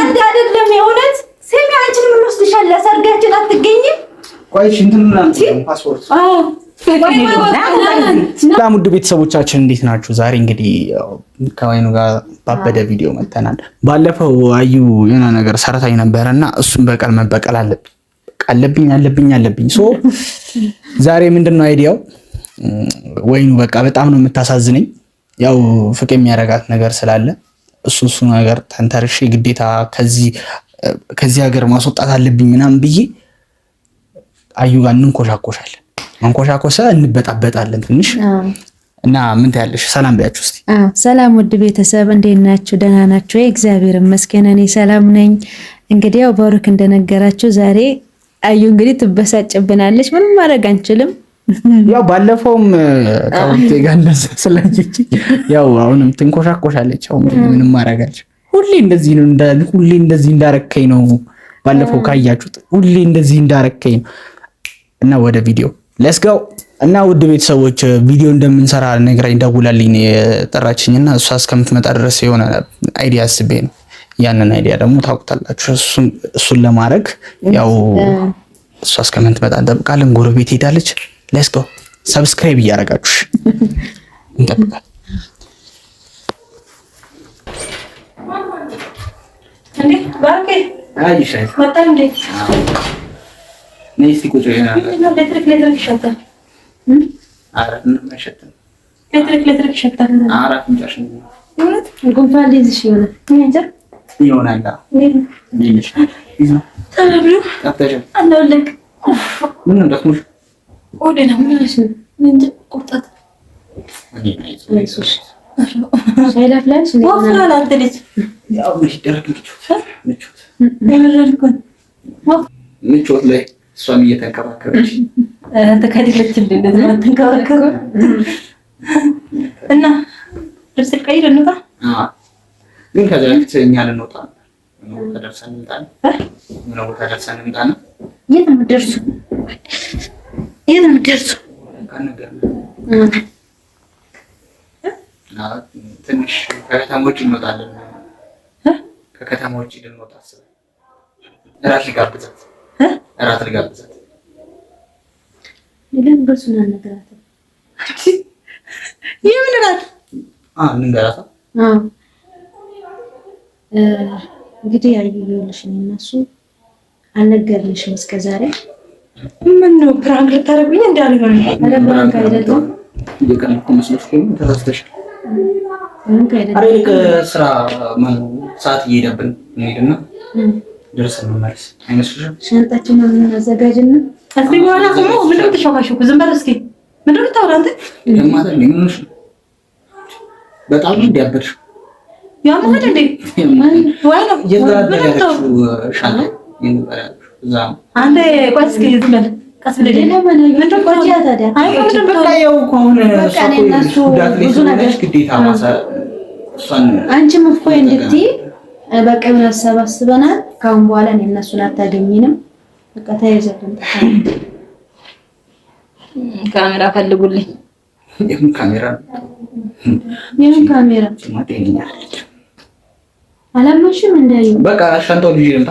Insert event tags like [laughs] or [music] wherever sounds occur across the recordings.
አንድ አይደለም። የእውነት ስሚ፣ አንቺን የምንወስድሻል። ለሰርጋችን አትገኝም። ሰላም ውድ ቤተሰቦቻችን እንዴት ናችሁ? ዛሬ እንግዲህ ከወይኑ ጋር ባበደ ቪዲዮ መተናል ባለፈው አዩ የሆነ ነገር ሰርታኝ ነበረ እና እሱን በቀል መበቀል አለብኝ አለብኝ አለብኝ። ዛሬ ምንድን ነው አይዲያው? ወይኑ በቃ በጣም ነው የምታሳዝነኝ ያው ፍቅ የሚያረጋት ነገር ስላለ እሱ እሱ ነገር ተንተርሼ ግዴታ ከዚህ ሀገር ማስወጣት አለብኝ ምናምን ብዬ አዩ ጋር እንንኮሻኮሻለን። መንኮሻኮሰ እንበጣበጣለን ትንሽ እና ምን ታያለሽ? ሰላም ቢያችሁ እስቲ። ሰላም ውድ ቤተሰብ እንዴት ናችሁ? ደህና ናችሁ? እግዚአብሔር ይመስገን እኔ ሰላም ነኝ። እንግዲህ ያው ባሩክ እንደነገራችሁ ዛሬ አዩ እንግዲህ ትበሳጭብናለች። ምንም ማድረግ አንችልም። ያው ባለፈውም ከውቴ ጋር እንደዛ ስላየች ያው አሁንም ትንኮሻኮሻለች። አሁን ምንም ማረጋች ሁሌ እንደዚህ ነው ሁሌ እንደዚህ እንዳረከኝ ነው። ባለፈው ካያችሁት ሁሌ እንደዚህ እንዳረከኝ ነው። እና ወደ ቪዲዮ ለስጋው እና ውድ ቤተሰቦች ቪዲዮ እንደምንሰራ ነግራኝ ደውላልኝ እና እሷ እስከምትመጣ ድረስ የሆነ አይዲያ አስቤ ነው። ያንን አይዲያ ደግሞ ታውቁታላችሁ። እሱን ለማድረግ ያው እሷ እስከምትመጣ እንጠብቃለን። ጎረቤት ሄዳለች። ለስጦ ሰብስክራይብ እያደረጋችሁ እንጠብቃል። ይሆናል ምቾት ላይ እሷም እየተንከባከበች ተከድለችልን ተንከባከበ እና ልብስ ልቀይር እንውጣ። ግን ከዚያ በፊት እኛ ልንወጣ ደርሰን እንምጣ ነው። የት ነው የምትደርሱ? የት ነው የምትደርሰው? ትንሽ ከከተማ ውጭ እንወጣለን። ከከተማ ውጭ ልንወጣ አስበን እራት ልጋብዛት እራት ልጋብዛት የምን እራት እንንገራታ እንግዲህ ያዩ ይኸውልሽ፣ እኔ እና እሱ አልነገርንሽም እስከ ዛሬ ምን ነው ፕራንክ ልታደርጉኝ እንዳለ ነው? ስራ ሰዓት እየሄደብን እንሄድና ደርሰን መመለስ አይመስልሽም? ሻንጣችንን እናዘጋጅና ከዚህ በኋላ ቆሞ ምንድን ነው ተሸኳሸኩ? ዝም በል እስኪ ምንድን ነው ታውራ አንተ በጣም እንዲያበድ ያማል እንዴ ወይ ነው አንዴ ቆይ እስኪ ዝም በል አንቺም እኮ እንድትይ በቃ ምን አሰባስበናል። ካሁን በኋላ እኔ እነሱን አታገኝንም። በቃ ተያይዘን ካሜራ ፈልጉልኝ። የምን ካሜራ? የምን ካሜራ? እንደ በቃ ልጅ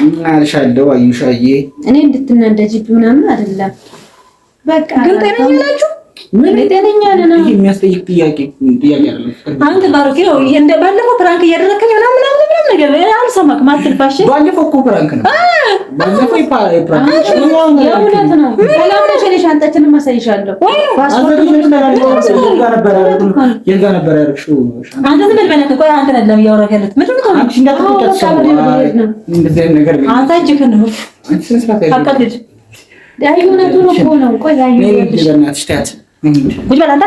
ምን አዩሻዬ፣ እኔ እንድትናደጅብ ምናምን አይደለም። በቃ ግን ጤነኛ ናችሁ? ምን ጤነኛ የሚያስጠይቅ ጥያቄ ጥያቄ አይደለም። አንተ ባሮኬ ነው እንደ ባለፈው ፕራንክ እያደረከኝ ምናምን ነገር አልሰማክም አትልፋሽ። ባለፈው እኮ ፕራንክ ነው። የእውነት ነው። ቆይ ጉድ በል አንተ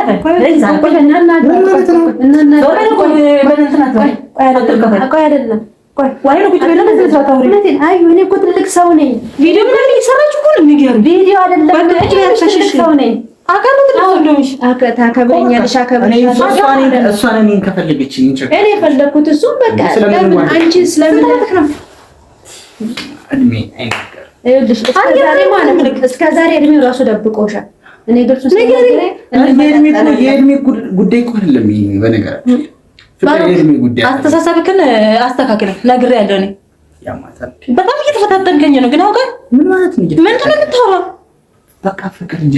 ትልቅ ሰው ነኝ። ቪዲዮ ምናምን እየሰራችሁ እኮ ነው የሚገርም ቪዲዮ አይደለም። እስከ ዛሬ እድሜው እራሱ ደብቆሻል። እኔ የእድሜ ጉዳይ እኮ አይደለም። ይሄ በነገራችን አስተሳሰብክን አስተካክል ነግሬ ያለው እኔ በጣም እየተፈታተንከኝ ነው። ግን አውቀን ምንድን ነው የምታወራው? በቃ ፍቅር እንጂ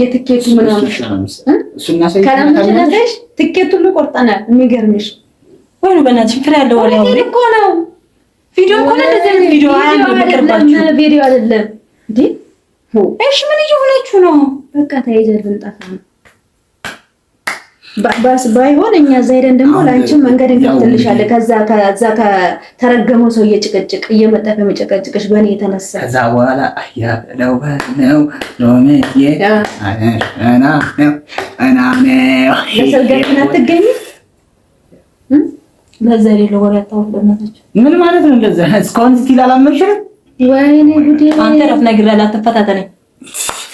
የትኬቱ ምናምን ትኬቱ ልቆርጠናል። የሚገርምሽ ወይ በእናትሽ ፍሬ ያለው ወሬ እኮ ነው። ቪዲዮ እኮ ነው። እንደዚህ ቪዲዮ አይደለም። ቪዲዮ እሺ ምን እየሆነችው ነው? በቃ ተይዘን ልንጠፋ ነው ባይሆን እኛ እዛ ሄደን ደግሞ ለአንቺም መንገድ እንከፍትልሻለን። ከዛ ከተረገመው ሰው እየጭቅጭቅ እየመጠፈ ከመጨቀጭቅሽ በእኔ የተነሳ ከዛ በኋላ ነው ለሰርጋችን ለዛ ሌለ ምን ማለት ነው? ወይኔ አንተ ረፍ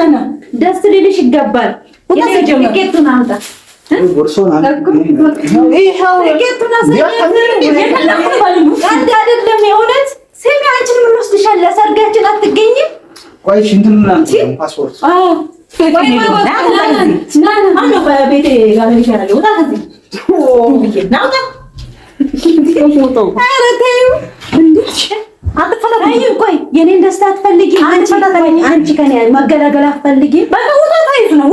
ማለት ነው። ደስ ሊልሽ ይገባል። ትኬቱን አምጣ አይደለም የእውነት ስሚ፣ አንቺን ምን ወስድሻለሁ? ሰርጋችን አትገኝም። ቆይ እንትን ፓስፖርት አትፈታተኝ። ቆይ የኔን ደስታ አትፈልጊ። አንቺ ከኔ መገላገል አትፈልጊ። የመጨረሻ ዘመን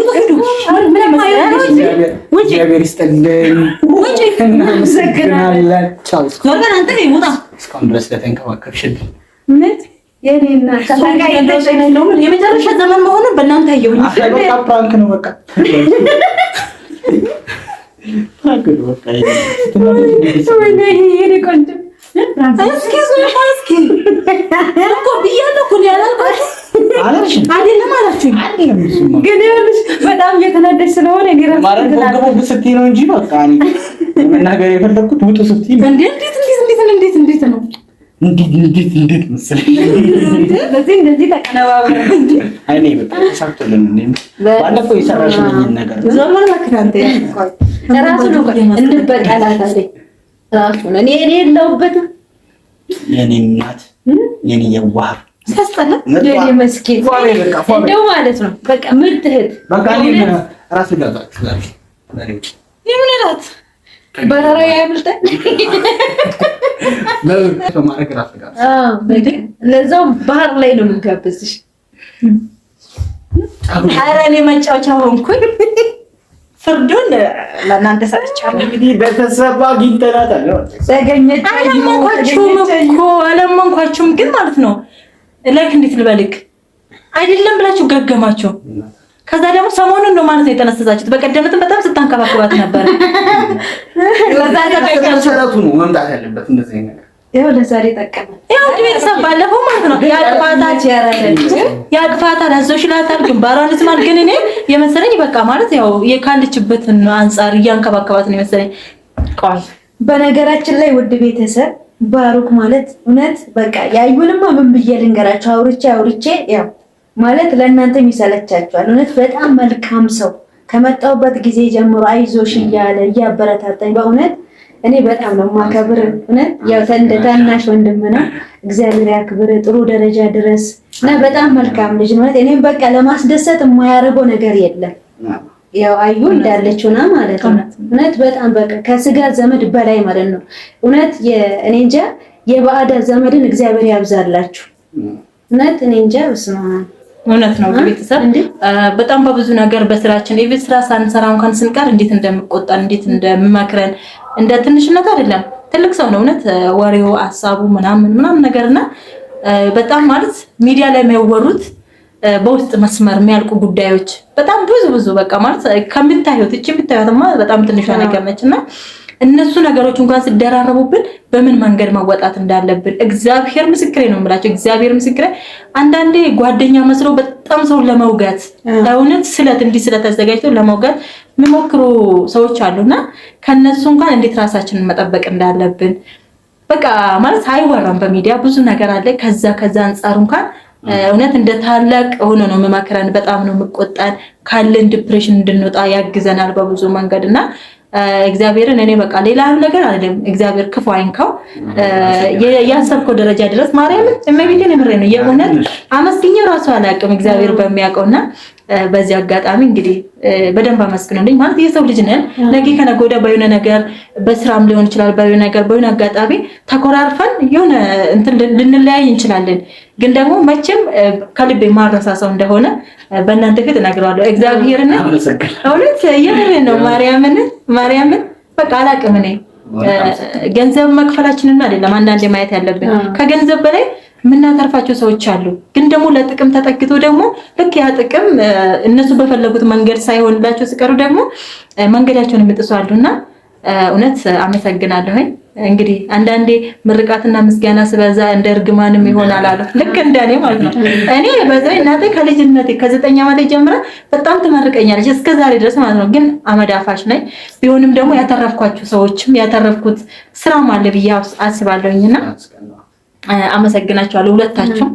መሆኑን በእናንተ ፕራንክ ነው በቃ ፕራንክ ነው በቃ [laughs] ግን በጣም እየተናደች ስለሆነ ስትይ ነው እንጂ በቃ መናገር የፈለግኩት ውጡ ስትይ ነው። እንዴት እንዴት እንዴት እንዴት እንዴት እኔ የለሁበትም የኔ እናት የኔ የዋህ ማለት ነው። በቃ ምርጥ [laughs] ለዛውም ባህር ላይ ነው የምንጋበዝሽ። ኧረ እኔ መጫወቻ ሆንኩኝ። ፍርዱን ለእናንተ ሰጥቻለሁ። እንግዲህ በተሰባ አግኝተናታል። አላመንኳችሁም እኮ አላመንኳችሁም ግን ማለት ነው ላይክ እንዴት ልበልክ አይደለም ብላችሁ ገገማችሁ። ከዛ ደግሞ ሰሞኑን ነው ማለት ነው የተነሰሳችሁት። በቀደምትም በጣም ስታንከባከባት ነበር። ይኸው ለዛሬ ጠቀመ። ይኸው ቤተሰብ ባለፈው ማለት ነው ያቅፋታል፣ ግንባሯን ስማል። ግን እኔ የመሰለኝ በቃ ማለት ያው የካለችበትን አንጻር እያንከባከባት ነው የመሰለኝ። ቆይ በነገራችን ላይ ውድ ቤተሰብ ባሩክ ማለት እውነት በቃ ያዩንማ ምን ብዬ ልንገራቸው? አውርቼ አውርቼ ያው ማለት ለእናንተም ይሰለቻቸዋል። እውነት በጣም መልካም ሰው ከመጣሁበት ጊዜ ጀምሮ አይዞሽ እያለ እያበረታታኝ በእውነት እኔ በጣም ነው ማከብር። እውነት ያው እንደ ታናሽ ወንድም ነው። እግዚአብሔር ያክብር፣ ጥሩ ደረጃ ድረስ እና በጣም መልካም ልጅ ነው። እኔም በቃ ለማስደሰት የማያደርገው ነገር የለም። ያው አዩ እንዳለችው ና ማለት ነው። እውነት በጣም በቃ ከስጋ ዘመድ በላይ ማለት ነው። እውነት እኔ እንጃ የባዕዳ ዘመድን እግዚአብሔር ያብዛላችሁ። እውነት እኔ እንጃ ስማል እውነት ነው። ቤተሰብ በጣም በብዙ ነገር በስራችን ኢቪት ስራ ሳንሰራ እንኳን ስንቀር እንዴት እንደምቆጣን እንዴት እንደምመክረን እንደ ትንሽነት አይደለም ትልቅ ሰው ነው። እውነት ወሬው ሀሳቡ ምናምን ምናምን ነገርና በጣም ማለት ሚዲያ ላይ የሚያወሩት በውስጥ መስመር የሚያልቁ ጉዳዮች በጣም ብዙ ብዙ በቃ ማለት ከምታዩት እቺ የምታዩትማ በጣም ትንሿ ነገር ነች እና እነሱ ነገሮች እንኳን ሲደራረቡብን በምን መንገድ መወጣት እንዳለብን እግዚአብሔር ምስክሬ ነው የምላቸው። እግዚአብሔር ምስክሬ አንዳንዴ ጓደኛ መስሎ በጣም ሰው ለመውጋት እውነት ስለት እንዲህ ስለት ተዘጋጅተው ለመውጋት የሚሞክሩ ሰዎች አሉና ከነሱ እንኳን እንዴት ራሳችንን መጠበቅ እንዳለብን በቃ ማለት አይወራም። በሚዲያ ብዙ ነገር አለ። ከዛ ከዛ አንጻር እንኳን እውነት እንደ ታላቅ ሆኖ ነው መማከራን በጣም ነው የምቆጣን። ካለን ዲፕሬሽን እንድንወጣ ያግዘናል በብዙ መንገድ እና እግዚአብሔርን እኔ በቃ ሌላ ነገር አይደለም። እግዚአብሔር ክፉ አይንካው ያሰብከው ደረጃ ድረስ ማርያምን እመቤቴን ምሬ ነው የእውነት አመስግኘው ራሱ አላውቅም እግዚአብሔር በሚያውቀው እና በዚህ አጋጣሚ እንግዲህ በደንብ አመስግኑልኝ። ማለት የሰው ልጅ ነን። ነገ ከነገ ወዲያ በሆነ ነገር በስራም ሊሆን ይችላል፣ በሆነ ነገር በሆነ አጋጣሚ ተኮራርፈን የሆነ እንትን ልንለያይ እንችላለን። ግን ደግሞ መቼም ከልቤ ማረሳ እንደሆነ በእናንተ ፊት እነግረዋለሁ። እግዚአብሔርን እውነት የምር ነው። ማርያምን ማርያምን በቃ አላቅም እኔ ገንዘብ መክፈላችንን አይደለም አንዳንዴ ማየት ያለብን ከገንዘብ በላይ የምናተርፋቸው ሰዎች አሉ። ግን ደግሞ ለጥቅም ተጠግቶ ደግሞ ልክ ያ ጥቅም እነሱ በፈለጉት መንገድ ሳይሆንላቸው ሲቀሩ ደግሞ መንገዳቸውን የምጥሱ አሉ እና እውነት አመሰግናለሁ። እንግዲህ አንዳንዴ ምርቃትና ምስጋና ስበዛ እንደ እርግማንም ይሆናል አሉ። ልክ እንደኔ ማለት ነው። እኔ በዛ እናቴ ከልጅነቴ ከዘጠኝ ዓመቴ ጀምራ በጣም ትመርቀኛለች እስከ ዛሬ ድረስ ማለት ነው። ግን አመዳፋሽ ነኝ። ቢሆንም ደግሞ ያተረፍኳቸው ሰዎችም ያተረፍኩት ስራም አለ ብዬ አስባለሁኝና አመሰግናቸዋለሁ ሁለታቸው።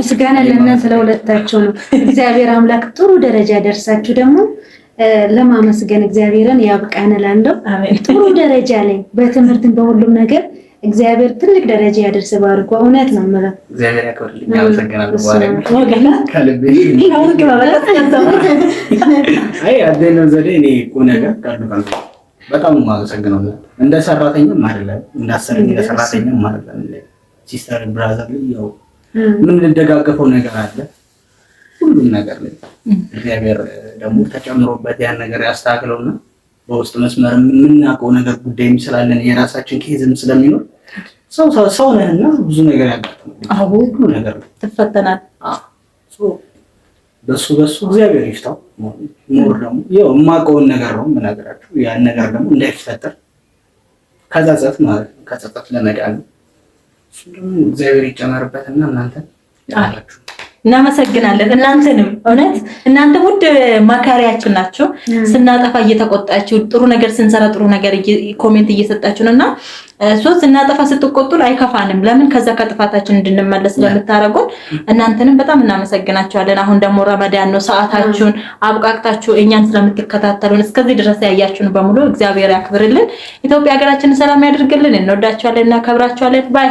ምስጋና ለእናንተ ለሁለታቸው ነው። እግዚአብሔር አምላክ ጥሩ ደረጃ ደርሳችሁ ደግሞ ለማመስገን እግዚአብሔርን ያብቃን እላለሁ። ጥሩ ደረጃ ላይ በትምህርትን በሁሉም ነገር እግዚአብሔር ትልቅ ደረጃ ያደርስ ባርኮ እውነት ነው የምለው። እግዚአብሔር ያክብርልኝ። አመሰግናለሁ። በኋላ ነው ዘዴ እኔ ቁነ በጣም የማመሰግነው እንደ ሰራተኛም አይደለም እንዳሰረኝ እንደ ሰራተኛም አይደለም ሲስተር ብራዘር ላይ ያው የምንደጋገፈው ነገር አለ ሁሉም ነገር ላይ እግዚአብሔር ደግሞ ተጨምሮበት ያን ነገር ያስተካክለውና በውስጥ መስመር የምናውቀው ነገር ጉዳይም ስላለን የራሳችን ኬዝም ስለሚኖር ሰው ሰው ነህና ብዙ ነገር ያጋጥማል። ሁሉ ነገር ትፈተናል። በሱ በሱ እግዚአብሔር ይፍታው። ሞር ደግሞ ያው የማውቀውን ነገር ነው የምነግራችሁ። ያን ነገር ደግሞ እንዳይፈጠር ከጸጸት ማለት ነው ከጸጸት ለመዳን እሱ ደግሞ እግዚአብሔር ይጨመርበትና እናንተ ያላችሁ እናመሰግናለን እናንተንም እውነት እናንተ ውድ ማካሪያችን ናቸው። ስናጠፋ እየተቆጣችሁ ጥሩ ነገር ስንሰራ ጥሩ ነገር ኮሜንት እየሰጣችሁን እና ሶስት ስናጠፋ ስትቆጡን አይከፋንም። ለምን ከዛ ከጥፋታችን እንድንመለስ ለምታደርጉን እናንተንም በጣም እናመሰግናችኋለን። አሁን ደግሞ ረመዳን ነው። ሰዓታችሁን አብቃቅታችሁ እኛን ስለምትከታተሉን እስከዚህ ድረስ ያያችሁን በሙሉ እግዚአብሔር ያክብርልን። ኢትዮጵያ ሀገራችንን ሰላም ያደርግልን እንወዳችኋለን፣ እናከብራችኋለን ባይ